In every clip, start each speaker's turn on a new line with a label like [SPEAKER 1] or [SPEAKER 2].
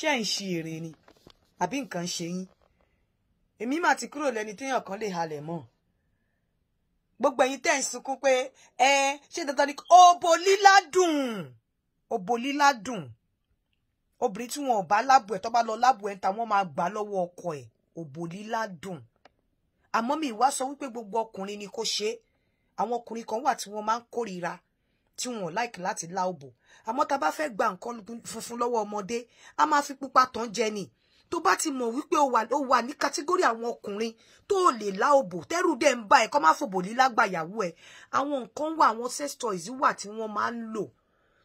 [SPEAKER 1] ṣé ẹ̀ ń ṣe èrè ni àbí nǹkan ṣe yín èmi mà ti kúrò lẹ́ni téèyàn kan lè halẹ̀ mọ́ gbogbo ẹ̀yin tẹ́ ń sunkún pé ẹ ṣé dandan ni obo lílá dùn obo lílá dùn obìnrin tí wọn ò bá lábù ẹ tó bá lọ lábù ẹ ń ta wọn máa gbà lọ́wọ́ ọkọ ẹ obo lílá dùn àmọ́ mi ìwá sọ wípé gbogbo ọkùnrin ni kò ṣe àwọn ọkùnrin kan wà tí wọ́n máa ń kórìíra tí wọn láìkí láti lá òbò àmọ́ tá a bá fẹ́ gba nǹkan funfun lọ́wọ́ ọmọdé a máa fi pupa tán jẹ ni tó bá ti mọ̀ wípé ó wà ní kátígórì àwọn ọkùnrin tó lè lá òbò tẹ́rù dẹ̀ ń bá ẹ̀ kọ́ má fòbò lílá gbàyàwó ẹ̀ àwọn nǹkan wà àwọn sex toys wà tí wọ́n máa ń lò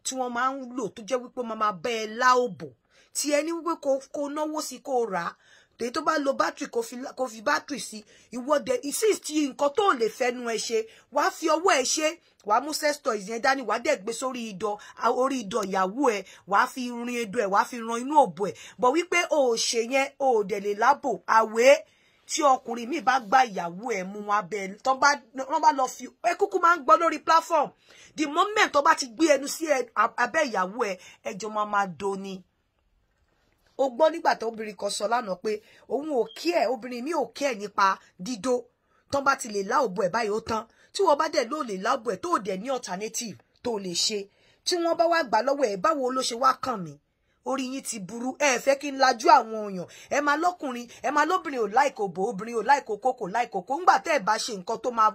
[SPEAKER 1] tí wọ́n máa ń lò tó jẹ́ wípé máa bẹ́ ẹ lá òbò tí ẹni wípé kò náwó sí kò rà á tèyí tó bá lo bátìrì kò fi bátìrì sí ìwọ́de insist nǹkan tó lè fẹ́nu ẹ ṣe wàá fi ọwọ́ ẹ ṣe wàá mú sex toys yẹn dání wàá dẹ̀ gbé sórí idọ̀ orí idọ̀ ìyàwó ẹ wàá fi rin edo ẹ wàá fi ran inú òbò ẹ bọ̀ wípé o ò ṣe yẹn o ò dẹ̀ lè lábò àwẹ̀ tí ọkùnrin míì bá gba ìyàwó ẹ̀ mú wọn abẹ tán bá wọn bá lọ fi ẹ kúkú máa ń gbọ́ lórí platform the moment tó bá ti gbé ẹnu sí abẹ́ ìyàwó ẹ ẹjọ́ máa máa do ni ó gbọ́ nígbà tó obìnrin kan sọ lánàá pé òun ò kí ẹ̀ obìnrin mi ò kí ẹ̀ nípa dídó tán bá ti lè lá òbò ẹ̀ báyìí ó tán tí wọ́n bá dẹ̀ ló lè lá òbò tó dẹ̀ ní alternative tó lè ṣe tí wọ́n bá wá gbà lọ́wọ́ ẹ̀ báwo ló ṣe wá kàn mí orí yín ti burú ẹ fẹ́ kí n lajú àwọn èèyàn ẹ máa lọ́kùnrin ẹ máa lóbìnrin ò láì kòbó obìnrin ò láì kókó kò láì kókó ńgbà tẹ́ ẹ bá ṣe nǹkan tó máa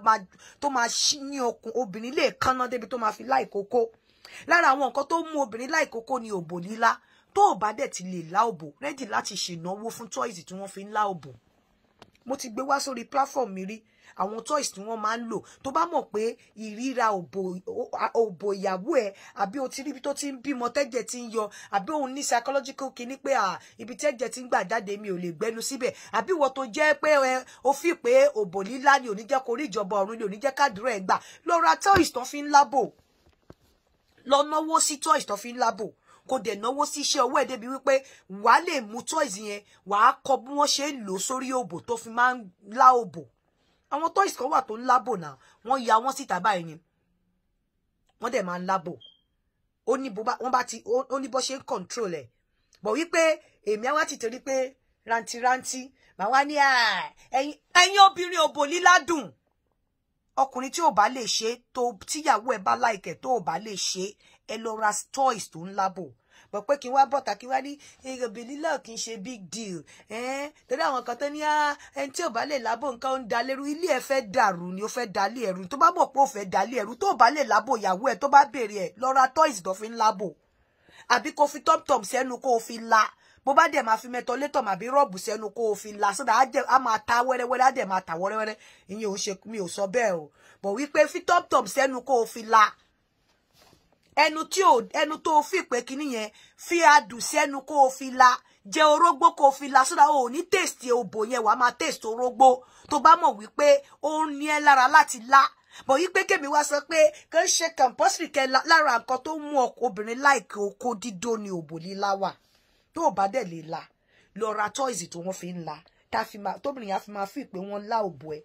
[SPEAKER 1] tó máa ṣí ní okùn obìnrin lè kánná débi tó máa fi láì kókó lára àwọn nǹkan tó mú obìnrin láì kókó ni òbò lílá tó o bá dẹ̀ ti lè lá òbò rẹ́dì láti ṣènáwó fún toys tí wọ́n fi ń lá òbò mo ti gbé wá sórí platform mi rí àwọn toys tí wọ́n máa ń lò tó bá mọ̀ pé ìríra òbò ìyàwó ẹ̀ àbí o ti rí ibi tó ti ń bímọ tẹ́jẹ̀ ti ń yọ àbí òun ní psychological kinní pé à ibi tẹ́jẹ̀ ti ń gbà jáde mi ò lè gbẹ́nu síbẹ̀ àbí ìwọ tó jẹ́ pé o fi pé òbò lílá ni ò ní jẹ́ kó rí ìjọba ọ̀run ni ò ní jẹ́ kádùrá ẹ̀ gbà lọ ra toys tó fi ń lábò lọ náwó sí toys tó fi ń lábò kó dẹ̀ náwó sí iṣẹ́ ọwọ́ ẹ̀ débi wípé wàá lè mú toys yẹn wàá kọ bí wọ́n ṣe ń lò sórí òbò tó fi máa ń lá òbò àwọn toys kan wà tó ń lábò náà wọ́n ya wọ́n síta báyìí ni wọ́n dẹ̀ máa ń lábò ó ní bó ṣe ń control ẹ̀ bọ̀ wípé èmi àwa ti torí pé rantiranti màá wá ní ẹ̀yin obìnrin òbò lílá dùn ọkùnrin tí ò bá lè ṣe tó tíyàwó ẹ bá láìkẹ tó ò bá lè ṣe ẹ lọ ra toys tó ń lábò But pé kí n wá bọ̀tà kí n wá ní ìròbì lílọ̀ kì í ṣe big deal torí àwọn kan tó ní ah, ẹni tí ò bá lè lábò nǹkan ó ń da lérú ilé ẹ fẹ́ dàrú ni ó fẹ́ dalé ẹ̀rú tó bá mọ̀ pé ó fẹ́ dalé ẹ̀rú tó bá lè lábò ìyàwó ẹ̀ tó bá béèrè ẹ̀ lọ toys tó fi ń lábò àbí kó fi tọ́mtọ́m sẹ́nu kó o fi la bó bá dẹ̀ máa fi mẹ́tọ́ létọ̀ màbí rọ́ọ̀bù sẹ́nu kó o fi la sódà á máa ta wẹ́rẹ́wẹ́rẹ́ á dẹ̀ máa ta wẹ́rẹ́wẹ́rẹ́ ìyẹn ò ṣe mi ò sọ bẹ́ẹ̀ o bọ̀ wípé fi tọ́mtọ́m sẹ́nu kó o fi la ẹnu tí ò ẹnu tó fi pé kinní yẹn fi adùn sí ẹnu kó o fi la jẹ orógbó kó o fi la sódà o ò ní tèsì òbò yẹn wàá máa tèsì orógbó tó bá mọ̀ wípé ó ń ní ẹ lára láti la bọ̀ yí pé kèmí wá sọ pé kò ń ṣe compulsory kẹ lára nǹkan tó mú obìnrin láìkè oko dídó ni òbò líla wà tó bá dẹ̀ lè la lọ ra toys tó wọ́n fi ń la tóbìnrin yẹn á fi máa fi pé wọ́n lá òbò ẹ̀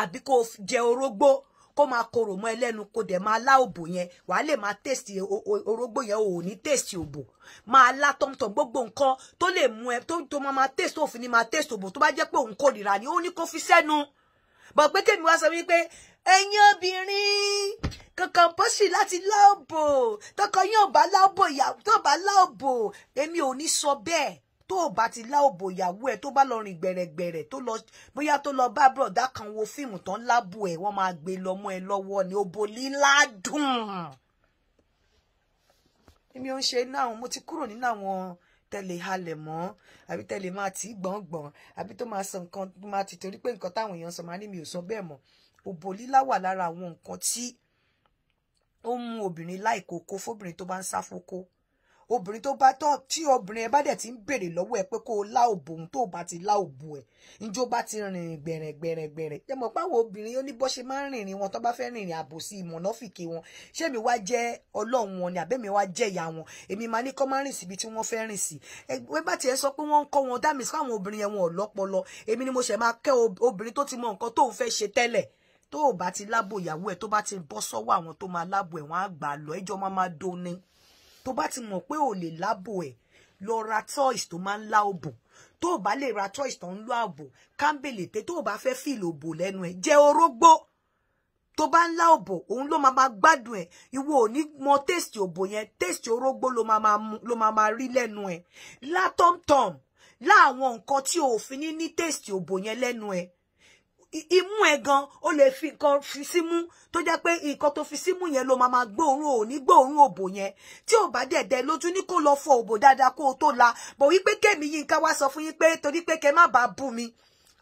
[SPEAKER 1] àbí kò jẹ orógbó kó máa korò mọ́ ẹlẹ́nu kó dẹ̀ máa lá òbò yẹn wàá lè máa tèsì orógbó yẹn ò ní tèsì òbò máa lá tọ́mtọ́m gbogbo nǹkan tó lè mú ẹ tó tó máa tèsì òfin ni máa tèsì òbò tó bá jẹ́ pé òun kórìíra ni o ní kó fi sẹ́nu bọ̀ pé kémi wá sọ wípé ẹ̀yin obìnrin kankan bó sì láti lá òbò tọkọ yín ò bá lá òbò ìyàwó tó bá lá òbò èmi ò ní sọ bẹ́ẹ̀ tó o bá ti láòbò ìyàwó ẹ tó bá lọ rìn gbẹ̀rẹ̀gbẹ̀rẹ̀ tó lọ bóyá tó lọ bá bùrọ̀dá kan wo fíìmù tán lábò ẹ wọ́n máa gbé lọ́mọ ẹ lọ́wọ́ ni òbò lílá dùn. èmi ò ń ṣe náà mo ti kúrò nínú àwọn tẹ́lẹ̀ halẹ̀ mọ́ àbí tẹ́lẹ̀ máa tì í gbọ̀ngbọ̀n àbí tó máa sọ nǹkan máa ti torí pé nǹkan táwọn èèyàn sọ máa ní mi ò sọ bẹ́ẹ̀ mọ́ òbò lílá wà lára àwọn nǹkan tí ó mú obìnrin láìkókó fóbìnrin tó bá ń sáfókó obìnrin tó bá tán tí obìnrin ẹ bá dẹ̀ ti ń béèrè lọ́wọ́ ẹ pé kó o lá òbò òun tó o bá ti lá òbò ẹ njó bá ti rìn gbẹ̀rẹ̀ gbẹ̀rẹ̀ gbẹ̀rẹ̀ ẹ mọ̀ páwọn obìnrin ó ní bó ṣe máa ń rìnrìn wọn tó bá fẹ́ rìnrìn àbòsí ìmọ̀nàfìkì wọn ṣé mi wá jẹ́ ọlọ́run wọn ni àbẹ́mi wá jẹ́ ìyá wọn èmi máa ní kọ́ máa rìn síbi tí wọ́n fẹ́ rìn sí ẹgbẹ́ bá tiẹ̀ sọ pé wọ́n ń ni mo ṣẹ̀ máa kẹ́ obìnrin tó ti mọ nǹkan tóun fẹ́ ṣe tẹ́lẹ̀ tó o bá ti lábò ìyàwó ẹ tó bá ti bọ́ sọ́wọ́ àwọn tó máa lábò ẹ̀ wọ́n á gbà lọ ẹjọ́ máa máa dóni tó bá ti mọ̀ pé ò lè lábò ẹ̀ lọ ra toys tó máa ń lá òbò tó o bá lè ra toys tó ń lo àbò kámbèlè tẹ tó o bá fẹ́ fìlò òbò lẹ́nu ẹ̀ jẹ́ orógbó tó bá ń lá òbò òun ló máa máa gbádùn ẹ̀ ìwọ ò ní mọ tèsì òbò yẹn tèsì orógbó ló máa máa rí lẹ́nu ẹ̀ látọ̀mtọ̀m láwọn nǹkan tí o ò fi ní ní òbò yẹn lẹ́nu ẹ̀ imú ẹ gan ó lè fi nǹkan fi símú tó jẹ́ pé nǹkan tó fi símú yẹn ló máa máa gbóòórùn òní gbóòórùn òbò yẹn tí ò bá dẹ̀dẹ̀ lójú ní kó lọ fọ òbò dáadáa kó o tó la bọ̀ wípé kẹ́mi Yínká wá sọ fún yín pé torí pé kẹ́ má bàa bú mi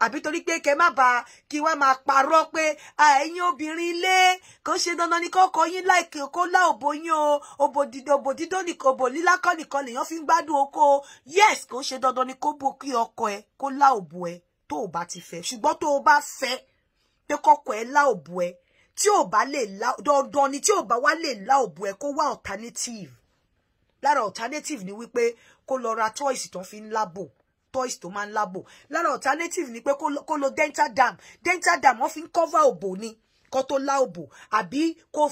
[SPEAKER 1] àbí torí pé kẹ má bàa kí wá máa parọ́ pé ẹ̀yin obìnrin ilé kò ṣe dandan ni kọ́kọ́ yín láìkè kó lá òbò yín o òbò dídó nìkan òbò lílá kọ́ lèèyàn fi ń gbádùn oko yes kò ṣe dandan ni kó bo kí ọkọ ẹ kó lá òbò ẹ tó o bá ti fẹ́ ṣùgbọ́n tó o bá fẹ́ pé kọ́kọ́ ẹ lá òbú ẹ tí ò bá lè lá dandan ni tí ò bá wá lè lá òbú ẹ kó wá alternative lára alternative ni wípé kó lọ ra toys tó fi ń lábò toys tó máa ń lábò lára alternative ni pé kó lọ dental dam dental dam wọ́n fi ń cover òbò ni kó tó lá òbò àbí kó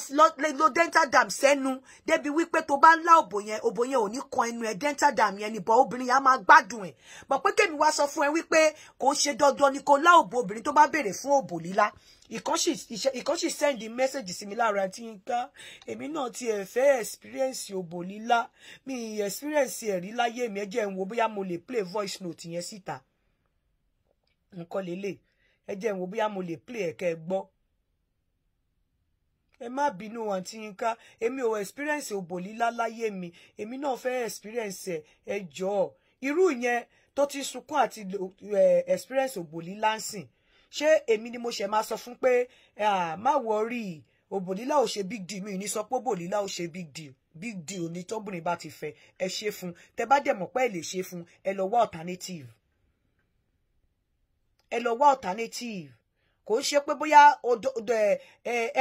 [SPEAKER 1] lo dental dam sẹ́nu débi wípé tó bá lá òbò yẹn òbò yẹn ò ní kan ẹnu ẹ dental dam yẹn nìbọn obìnrin yẹn á máa gbádùn ẹ mọ̀ pé kémi wá sọ fún ẹ wípé kò ṣe dandan ni kó lá òbò obìnrin tó bá béèrè fún òbò lílá ìkan sì send message sí mi lára tí n ká èmi náà ti ẹ̀ fẹ́ experience òbò lílá mi experience ẹ̀rí láyé mi ẹ jẹ́ n wo bóyá mo lè play voice note yẹn síta nǹkan lélẹ̀ ẹ jẹ́ n wo bóyá mo lè play ẹ̀kẹ́ gbọ́ ẹ má bínú àǹtí Yínká èmi ò experience òbò lílá láyé mi èmi náà fẹ́ experience ẹ jọ̀ọ́ irú ìyẹn tó ti sunkún àti experience òbò lílá ń sìn ṣé èmi ni mo ṣe máa sọ fún pé má wọrí òbò lílá ò ṣe big deal mi ò ní sọ pé òbò lílá ò ṣe big deal big deal ni tóbìnrin bá ti fẹ́ ẹ ṣe fún tẹ bá dẹ̀ mọ̀ pé ẹ lè ṣe fún ẹ lọ wá alternative ẹ lọ wá alternative kò ń ṣe pé bóyá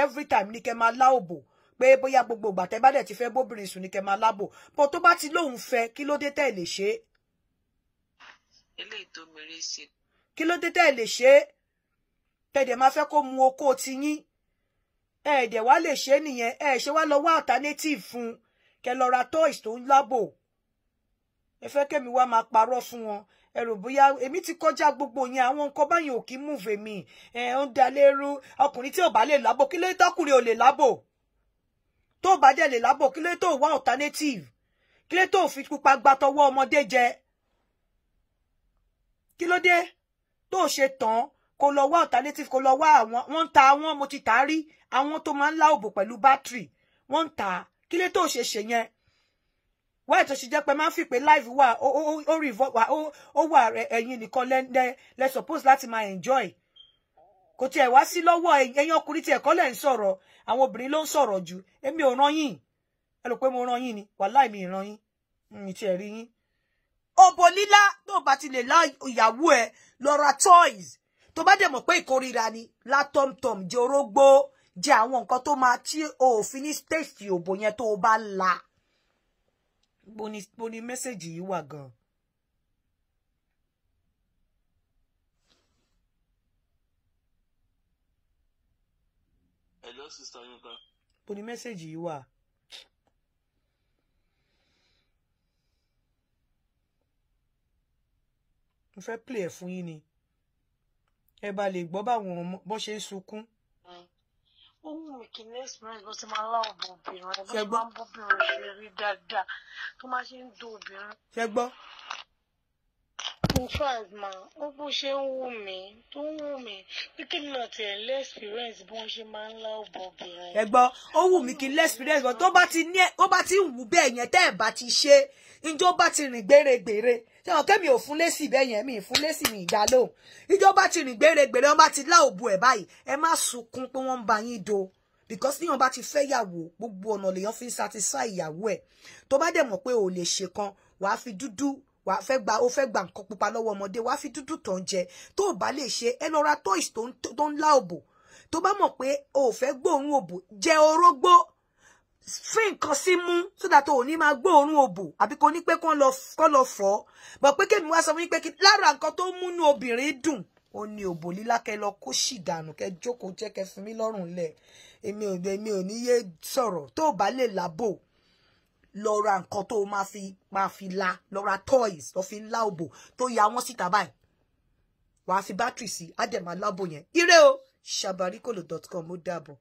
[SPEAKER 1] every time ní kẹ́ máa lá òbò pé bóyá gbogbo ìgbà tẹ́ bá dẹ̀ ti fẹ́ bóbìnrin sùn ní kẹ́ máa lábò bọ́ tó bá ti lóun fẹ́ kí ló dé tẹ́ lè ṣe. eléyìí tó mèrè ṣe. kí ló dé tẹ́ lè ṣe tẹ̀dẹ̀ máa fẹ́ kó mu okó ti yín ẹ̀ẹ́dẹ̀ wá lè ṣe nìyẹn ẹ̀ ṣe wá lọ wá alternative fún un toys tó ń lábò ẹ fẹ́ kẹ́mi wá máa parọ́ fún wọn ẹrù bóyá èmi ti kọjá gbogbo yẹn àwọn nǹkan báyìí ò kí ń múve mi ẹ ń da lérú ọkùnrin tí ò bá lè lábò kí ló tọkùnrin ò lè lábò tó bá dẹ̀ lè lábò kí ló tó wá alternative kí ló tó fi pupa gba tọwọ́ ọmọdé jẹ kí ló dé tó ṣe tán kó lọ wá alternative kó lọ wá àwọn wọ́n ń ta àwọn mo ti tà á rí àwọn tó máa ń lá òbò pẹ̀lú bátìrì wọ́n ń tà á kí ló tó ṣe ṣe yẹn why tó ṣe jẹ́ pé máa ń fi pé live wà ó revolve wà ó wà ẹ̀yin nìkan lẹ suppose láti máa enjoy kò tiẹ̀ wá sí lọ́wọ́ ẹ̀yin ọkùnrin tiẹ̀ kọ́ lẹ̀ ń sọ̀rọ̀ àwọn obìnrin ló ń sọ̀rọ̀ jù èmi ò rán yín ẹ rò pé mo rán yín ni wàláì mi rán yín mi tiẹ̀ rí yín. ọ̀bọ lílá tó bá ti lè lá ìyàwó ẹ lọ ra toys tó bá dẹ̀ mọ̀ pé ìkórira ni látọ̀mtọ̀m jẹ́ orógbó jẹ́ àwọn nǹkan tó máa tí òfin ní stéètì òbò yẹn tó o bá la boni boni mẹ́sẹ̀gì yìí wà gan-an. Hello, sister Yinka. Boni mẹ́sẹ̀gì yìí wà. mo fẹ́ play ẹ̀ fún yín ni ẹ bá lè gbọ́ báwọn ọmọ bó ṣe ń sunkún mi kì experience bó ti máa lá ọ̀bùn bó ti máa ń bóbìnrin ṣe rí dáadáa tó máa ṣe ń do obìnrin. ṣe gbọ́. in ma ó bó ṣe ń wù mí tó ń wù mí pé kí ni ọ̀tẹ̀ lé experience bó ṣe máa ń lá ọ̀bùn ẹ gbọ́ ó wù mí kí n lé experience bó bá bá ti wù bẹ́ẹ̀ yẹn tẹ́ ẹ̀ bá ti ṣe njó bá ti rìn gbèrègbèrè ṣé wọn kẹ́mi ò fún lésì bẹ́ẹ̀ yẹn mi fún lésì mi ìdá ìjọba ti rìn gbèrègbèrè wọn ti lá ẹ̀ báyìí ẹ má sunkún pé wọ́n ń ba yín do because níyàn bá ti fẹ́ yàwó gbogbo ọ̀nà lèyàn fi ń satisfy ìyàwó ẹ̀ tó bá dẹ̀ mọ̀ pé ò lè ṣe fi dudu wa fẹ́ ba ó fẹ́ gba nǹkan pupa lọ́wọ́ ọmọdé wàá fi dudu tonje, ń jẹ tó o bá lè ṣe ẹ lọ ra toys tó ń lá òbò tó bá mọ̀ pé o ò fẹ́ gbóòórùn òbò jẹ orógbó fi nǹkan sí mú sódà tó ò ní máa gbóòórùn òbò àbí kò ní pé kán lọ fọ́ bọ̀ pé kémi wá sọ fún yín pé lára nǹkan ó ní òbò lílá kẹ lọ kó sì dànù kẹ jókòó jẹ́ kẹ fi mí lọ́rùn lẹ̀ èmi ò èmi ò ní yé sọ̀rọ̀ tó bá lè lábò lọ ra nǹkan tó máa fi máa fi la lọ ra toys lọ fi la òbò tó ya wọ́n síta báyìí wàá fi bátìrì sí á dẹ̀ máa lábò yẹn ire o shabarikolo dot com ó dàbọ̀.